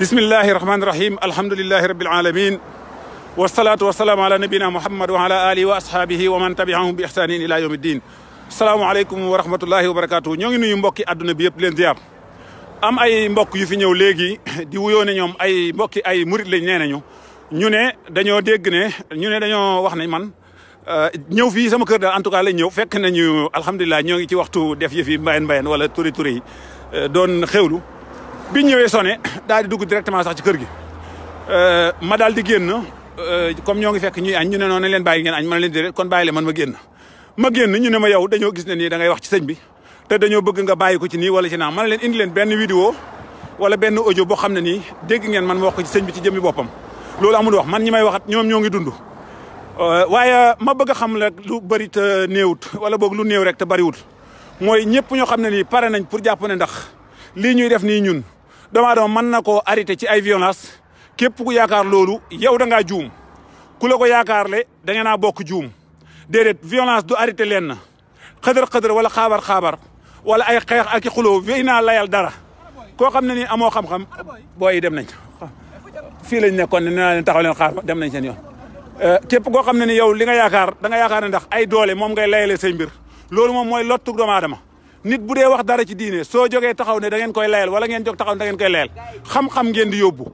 بسم الله الرحمن الرحيم الحمد لله رب العالمين والصلاة والسلام على نبينا محمد وعلى آله وأصحابه ومن تبعهم بإحسان إلى يوم الدين السلام عليكم ورحمة الله وبركاته نيجي نيجي مبكي أدنى بيب لينزير أم أي مبكي يفي نيو ليجي ديويون نيوم أي مبكي أي مريد لينيا نيو نيونة دنيو ديجنة نيونة دنيو وحنا إيمان نيو في سمو كردا أنتو على نيو فكنا نيو الحمد لله نيجي تي وقتو دفي في باين باين ولا توري توري دون خيولو biñ ñëwee sonné daal di dugg directement sax ci kër gi euh, ma daal di génn euh, comme ñoo ngi fekk ñuy añ ñu ne noonu leen bàyyi ngeen añ ma leen déedéet kon bàyyi leen man ma génn ma génn ñu ne ma yow dañoo gis ne nii da ngay wax ci sëñ bi te dañoo bëgg nga bàyyi ci nii wala ci naa ma ne leen indi leen benn vidéo wala benn audio boo xam ne nii dégg ngeen man ma wax ko ci sëñ bi ci jëmmi boppam loolu amul wax man ñi may waxat ñoom ñoo ngi dund euh, waaye ma bëgg xam rek lu bëri te néewut wala boog lu néew rek te bëriwut mooy ñëpp ñoo xam ne nii pare nañ pour jàpp ne ndax lii ñuy def nii ñun dama aadama man nako arrêté ci ay violence képp ku yaakaar lolu yow da nga djoum ku lako ko le da nga na bok djoum dedet violence du arrêté len na xëdër wala khabar khabar wala ay xeex ak i veina layal dara ko xamne ni amo xam-xam boy dem nañ fi lañ nekkon ni na len taxaw leen xaar dem nañ sen yoon képp koo xam ne ni yow li nga yaakaar da nga yaakaar ndax ay doole mom ngay layale sey mbir loolu moom mooy lottu doomu dama nit bu dee wax dara ci diine soo jogee taxaw ne dangeen koy layal wala ngeen jóg taxaw ne da koy layal xam-xam ngeen di yóbbu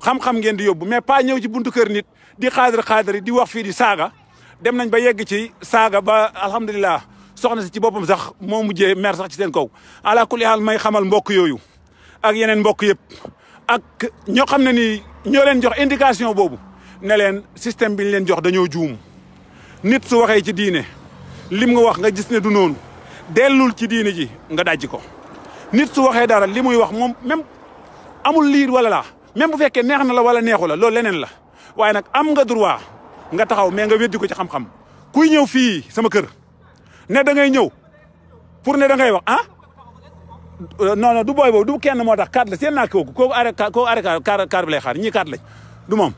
xam-xam ngeen di yóbbu mais pas ñëw ci buntu kër nit di xaadar xaadar di wax fii di saaga dem nañ ba yegg ci saaga ba alhamdulilah soxna si ci boppam sax moo mujjee mer sax ci seen kaw ala kulli haal may xamal mbokk yooyu ak yeneen mbokk yëpp ak ñoo xam ne nii ñoo leen jox indication boobu ne leen système bi ñu leen jox dañoo juum nit su waxee ci diine lim nga wax nga gis ne noonu dellul ci diini ji nga dajji ko nit su waxee dara li muy wax moom même amul liir wala laa même bu fekkee neex na la wala neexu la loolu leneen la waaye nag am nga droit nga taxaw mais nga weddi ko ci xam-xam kuy ñëw fii sama kër ne da ngay ñëw pour ne da ngay wax ah euh, non non du booy boobu du kenn moo tax carte la seen naa kooku ko arrêt kooku arrêt carte bi lay xaar ñii carte lañ du moom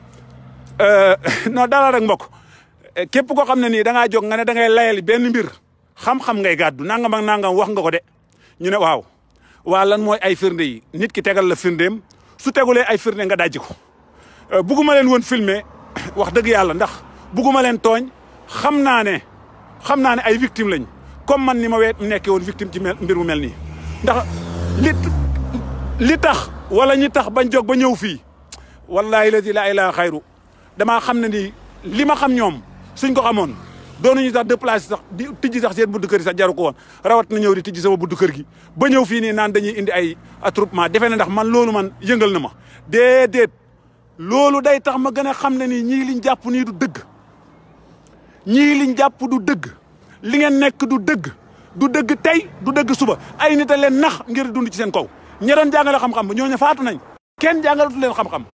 euh, non dara rek mbokk képp koo xam ne nii da jog nga ne da ngay layal benn mbir xam-xam ngay gàddu nangam ak nangam wax nga ko de ñu ne waaw waa lan mooy ay firnde yi nit ki tegal la firndeem su tegulee ay firnde nga dajji ko euh, bugguma leen woon filmer wax dëgg yàlla ndax bugguma leen tooñ xam naa ne xam naa ne ay victime lañ comme man ni ma weet nekkee woon victime ci mbir mu mel nii ndax li li tax wala ñi tax bañ jog ba ñëw fii wallahi la ilaha xayru damaa xam ne ni lima xam ñoom suñ ko xamoon doonuñu sax déplacé sax di tijji sax seen buntu kër yi sax jaru ko won rawat na ñew di tijji sama buntu kër gi ba ñew fi ni naan dañuy indi ay attroupement defé na ndax man loolu man yëngal na ma déedéet loolu day tax ma gëna a xam ne ni ñi liñ japp ni du dëgg ñi liñ japp du dëgg li ngeen nekk du dëgg du dëgg tey du dëgg suba ay nit a leen nax ngir dund ci seen kaw ña doon jàngale xam-xam ñoo ñu faatu nañ kenn jàngalatu leen xam-xam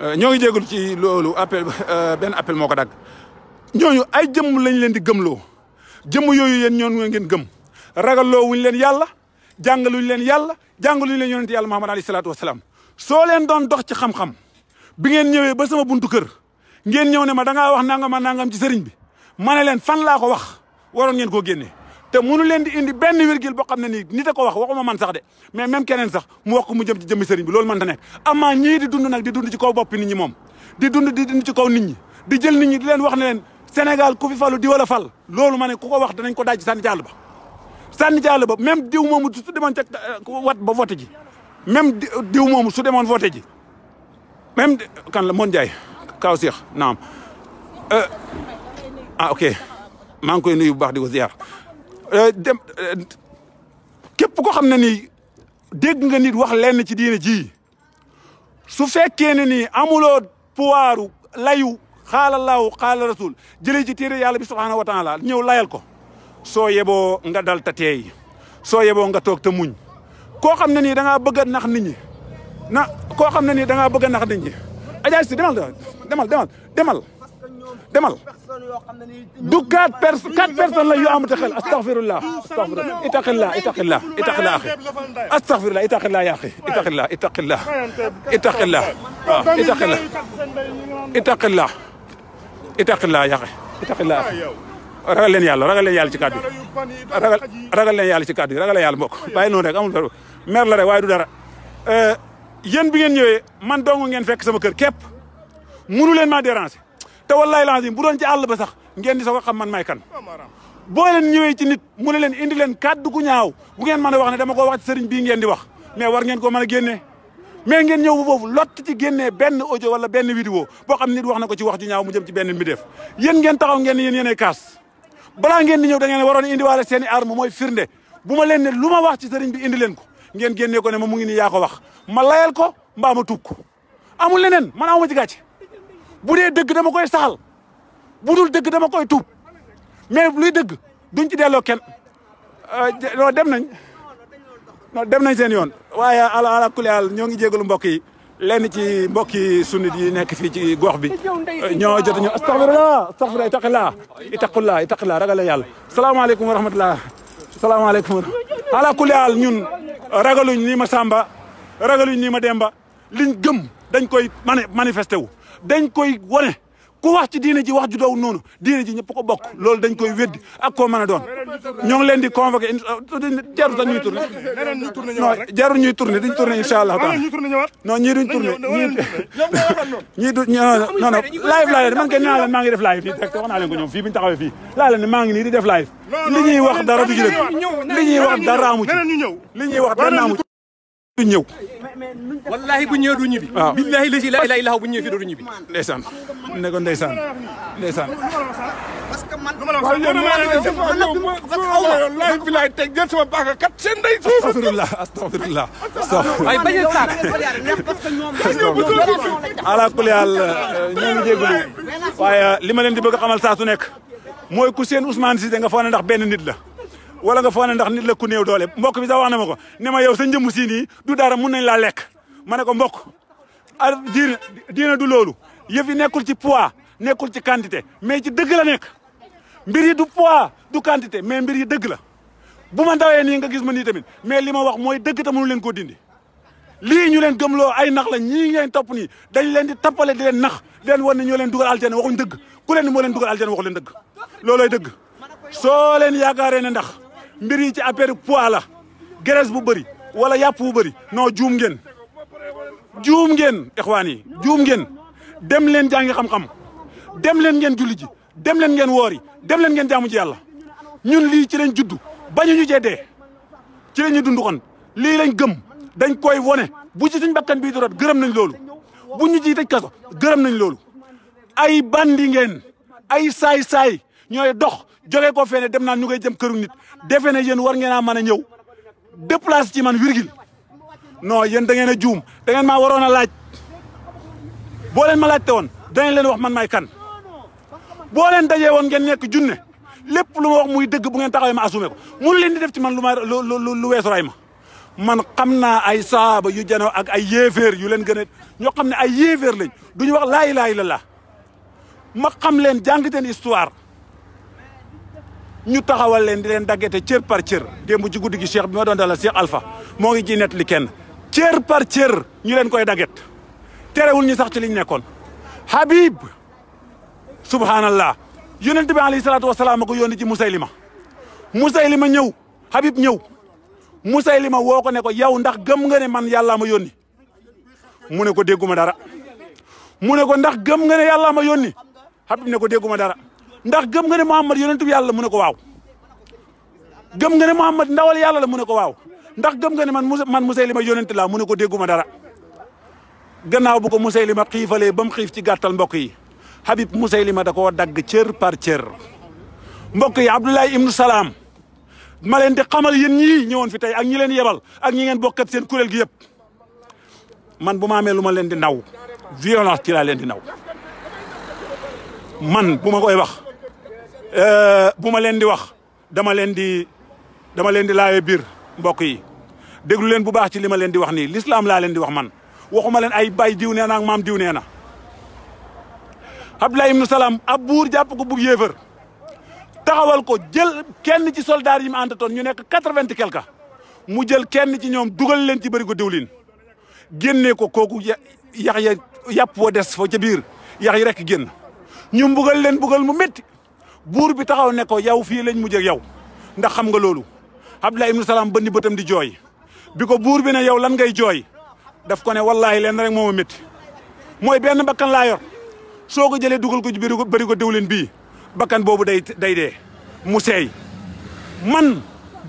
Euh, ñoo ngi jégalu ci loolu appel euh, benn appel moo ko dagg ñooñu ay jëmm lañ leen di gëmloo jëmm yooyu yéen ñoon ngeen gëm ragalloo wuñ leen yàlla jàngaluñ leen yàlla jàngaluñ leen yonent yàlla Muhammad alayhi salaatu wasalaam soo leen doon dox ci xam-xam bi ngeen ñëwee ba sama buntu kër ngeen ñëw ne ma dangaa wax nangama nangam ci sëriñ bi ma ne leen fan laa ko wax waroon ngeen koo génne te munu leen di indi benn wirgil boo xam ne nii nit a ko wax waxuma man sax de mais même keneen sax mu wax ko mu jëm ci jëmmi sëriñ bi loolu mën ta nekk amaa ñii di dund nag di dund ci kaw boppi nit ñi moom di dund di dund ci kaw nit ñi di jël nit ñi di leen wax ne leen Sénégal ku fi di wala loolu ma ne ku ko wax danañ ko daaj sànni jàll ba sànni jàll ba même diw moomu su demoon ca euh, wat ba vote ji même diw moomu su demoon vote ji même kan la moon Ndiaye kaw Seex naam euh, ah ok maa ngi koy nuyu bu baax di ko ziar Euh, dem euh, képp ko xam na ni dégg nga nit wax lenn ci diine ji su fekkee ne ni amuloo pouvoiru layu xaala laaw xaala rasul jëlee ci téere yàlla bi subhaanahu wa taala ñëw layal ko soo yeboo nga dal ta teey soo yeboo nga toog te muñ koo xam ne nii dangaa bëgg a nax nit ñi na koo xam ne nii dangaa bëgg a nax nit ñi si demal demal demal demal استغفر الله الله اتق اتق الله اتق الله اخي استغفر الله اتق الله يا اخي اتق الله اتق الله اتق الله اتق الله اتق الله اتق الله يا اخي اتق الله اخي ragal len yàlla ragal len yàlla ci kàddu ragal ragal len yàlla ci kàddu ragal len yàlla mbok bàyyi non rek amul dara mer la rek way du dara euh yéen bi ngeen ñewé man dong ngeen fekk sama kër képp munu len ma déranger te wallahi lazim bu doon ci àll ba sax ngeen di soko xam man may kan bo leen ñëwee ci nit mu ne leen indi leen kaddu gu ñaaw bu ngeen mëna wax ne dama ko wax ci sëriñ bi ngeen di wax mais war ngeen ko mëna a mais ngeen ñëw bu bofu lott ci ben audio wala ben vidéo bo xam nit wax na ko ci wax ju ñaaw mu jëm ci benn mi def yeen ngeen taxaw ngeen yeen yene kaas bala ngeen di ñëw da ngeen waroon seen arme moy firnde bu ma leen ne wax ci sëriñ bi indi leen ko ngeen génnee ko ne ma mu ngi ni ya ko wax ma layal ko mbaama tukku amul leneen man ci gatch bu dee dëgg dama koy saal bu dul dëgg dama koy tuub mais luy dëgg duñ ci delloo kenn euh, non dem nañ non dem nañ seen yoon. waaye ala ala kulli aal ñoo ngi jégalu mbokk yi lenn ci mbokk yi sunnit yi nekk fii ci gox bi euh, ñoo jot ñu astaghfirullah astaghfirullah itaqillah itaqullah itaqillah ragala yàlla. salaamaaleykum wa rahmatullah salaamaaleykum. ala kulli aal ñun ragaluñ nii ma Samba ragaluñ nii ma Demba liñ gëm dañ koy mani manifesté wu. dañ koy wane ku wax ci ji wax ju noonu diine ji ñëpp ko bokk loolu dañ koy weddi ak koo mën a doon ñoo leen di convoqué jarul sax ñuy tourné non jarul ñuy tourné duñ tourné incha allah taala non ñii duñ tourné ñii du non non live laa leen man kay nee naa leen maa def live fii teg wax naa leen ko ñoom fii bi ñu taxawee fii laa leen ne maa ngi nii di def live li ñuy wax dara du ci dëgg li ñuy wax dara amu ci li ñuy wax du ñëw. bu ñëwee du ñibbi. waaw la si la ilaha illallah bu ñëwee fii doo du ñibbi. ndeysaan ne ko ndeysaan ndeysaan. parce que man. waaw yéen maa ngi def man nag man nag aw ma yow laay bi laay teg jël sama paaka kat seen ndey. astafurlah astafurlah. waaye bañ a saak. ala kulli haal euh, ñoo ngi jégalu waaye li ma a xamal su nekk mooy ku seen Ousmane Cissé nga foog ne ndax benn nit la. wala nga foog ne ndax ni la ku doole mbokk bi sax wax na ma ko ne ma yow sa njëmb du dara mun nañ laa lekk ma ne ko mbokk a diina diina du loolu yëf yi nekkul ci poids nekkul ci quantité mais ci dëgg la nekk mbir yi du poids du quantité mais mbir yi dëgg la bu ma ndawee nii nga gis ma nii tamit mais li ma wax mooy dëgg te mënu leen ko dindi lii ñu leen loo ay nax la ñii ngeen topp nii dañ leen di tappale di leen nax di leen wan ne ñoo leen dugal aljana waxuñ dëgg ku leen ni moo leen dugal aljana waxu leen dëgg loolooy dëgg soo leen yaakaaree ne ndax mbir yi ci affaire poids la graisse bu bëri wala yàpp bu bëri non juum ngeen juum ngeen ixwaan yi juum ngeen dem leen jàngi xam-xam dem leen ngeen julli ji dem leen ngeen woori dem leen ngeen jaamu ci yàlla ñun lii ci lañ juddu bañu ñu cee dee ci la ñuy dund kon lii lañ gëm dañ koy wone bu ci suñ bakkan bii di rot gërëm nañ loolu bu ñu ciy tëj kaso gërëm nañ loolu ay bandi ngeen ay saay-saay ñooy dox jóge ko fene dem naa ñu koy jëm këru nit defe na yéen war ngeen a mën a ñëw déplace ci man virgule non yéen da ngeen a juum da ngeen maa waroon a laaj boo leen ma laajte woon danañ leen wax man maay kan boo leen dajee woon ngeen nekk junne lépp lu ma wax muy dëgg bu ngeen taxawee ma assumé ko mun leen di def ci man lu ma lu weesu ray ma man xam naa ay saaba yu janoo ak ay yéeféer yu leen gën a ñoo xam ne ay yéeféer lañ duñu wax laa la illallaah ma xam leen jàngiteen histoire ñu taxawal leen di leen daggete cër par cër démb ci guddi gi bi ma doon dalal cheikh moo ngi ciy net li kenn cër par cër ñu leen koy dagget terewul ñu sax ci liñ nekkoon habib subhanallah yonent bi alayhi salaatu wasalaam ko yónni ci musaylima musaylima ñëw habib ñëw musaylima woo ko ne ko yow ndax gëm nga ne man yàllaa ma yónni mu ne ko dégguma dara mu ne ko ndax gëm nga ne yàllaa ma yónni habib ne ko dégguma dara ndax gëm nga ne Muhammad yonentu yàlla mu ne ko waaw gëm nga ne Muhammad ndawal yàlla la mu ne ko waaw ndax gëm nga ne man man Musaylima yónent laa mu ne ko dégguma dara gannaaw bu ko Musaylima xiifalee ba mu xiif ci gàttal mbokk yi Habib Musaylima da koo dagg cër par cër mbokk yi Abdullahi ibnu Salaam ma leen di xamal yéen ñëwoon fi tey ak ñi leen yebal ak ñi ngeen bokkat seen kuréel gi yëpp man bu ma amee lu ma leen di naw violence ci laa leen di naw man bu ma koy wax euh, bu ma leen di wax dama leen di dama leen di laayee bir mbokk yi déglu leen bu baax ci lima leen di wax ni l'islam la leen di wax man waxuma leen ay bay diiw neena ak mam diiw neena na Abdoulaye ibnu Salaam ab ko bu yéefar taxawal ko jël kenn ci soldat yi mu antaton ñu nekk 80 quelque mu jël kenn ci ñom duggal leen ci bari ko dewlin ko koku ya, yax ya yap wo Nyom fo ci bir yax yi rek génn ñu mbugal leen bugal mu metti bour bi taxaw ne ko yaw fi lañ mujj ak yaw ndax xam nga lolou Habla imusalam salam bënni bëtam di joy bi ko bi ne yow lan ngay joy daf ko ne wallahi len rek moma metti moy ben bakkan la yor soko ko jëlee dugal ko ci bëri ko dewlen bi bakkan bobu day day de man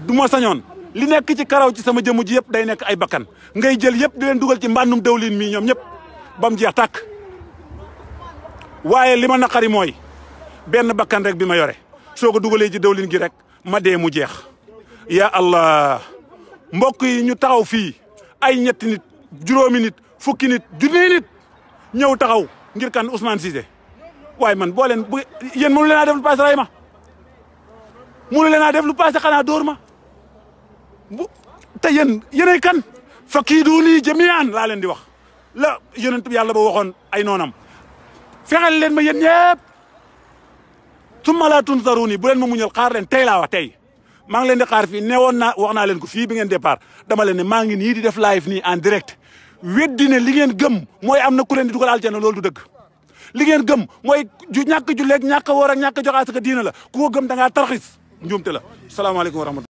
du sañon li nek ci karaw ci sama jëm ji yep day nek ay bakkan ngay jël yep di len dugal ci mbandum dewlen mi ñom ñep bam jeex tak waaye lima nakari moy ben bakkan rek bi yoré soko soo ci dewlen gi rek ma dé mu jeex yaa allah mbokk yi ñu taxaw fii ay ñetti nit juróomi nit fukki nit junni nit ñëw taxaw ngir kan Ousmane Cissé waaye man boo leen bu yéen mënu leen a def ray ma mënu leen a def lu paase xanaa dóor ma bu te yéen yéenay kan fakiiduuni jamii'an laa leen di wax la yonent bi yàlla ba waxoon ay noonam fexeel leen ma yéen ñëpp summa laa tunzaruuni bu leen ma muñal xaar leen tey laa wax tey maa ngi leen di xaar fii newoon naa wax naa leen ko fi bi ngeen départ dama leen ne maa ngi nii di def live nii en direct weddi ne li ngeen gëm mooy am na ku leen di dugal aljana lool du dëgg li ngeen gëm mooy ju ñàkk ju lek ñàkk a woor ak ñàkk a joxe asaka diina la ku ko gëm da ngaa tarxis njuumte la salaamaaleykum wa rahmatulah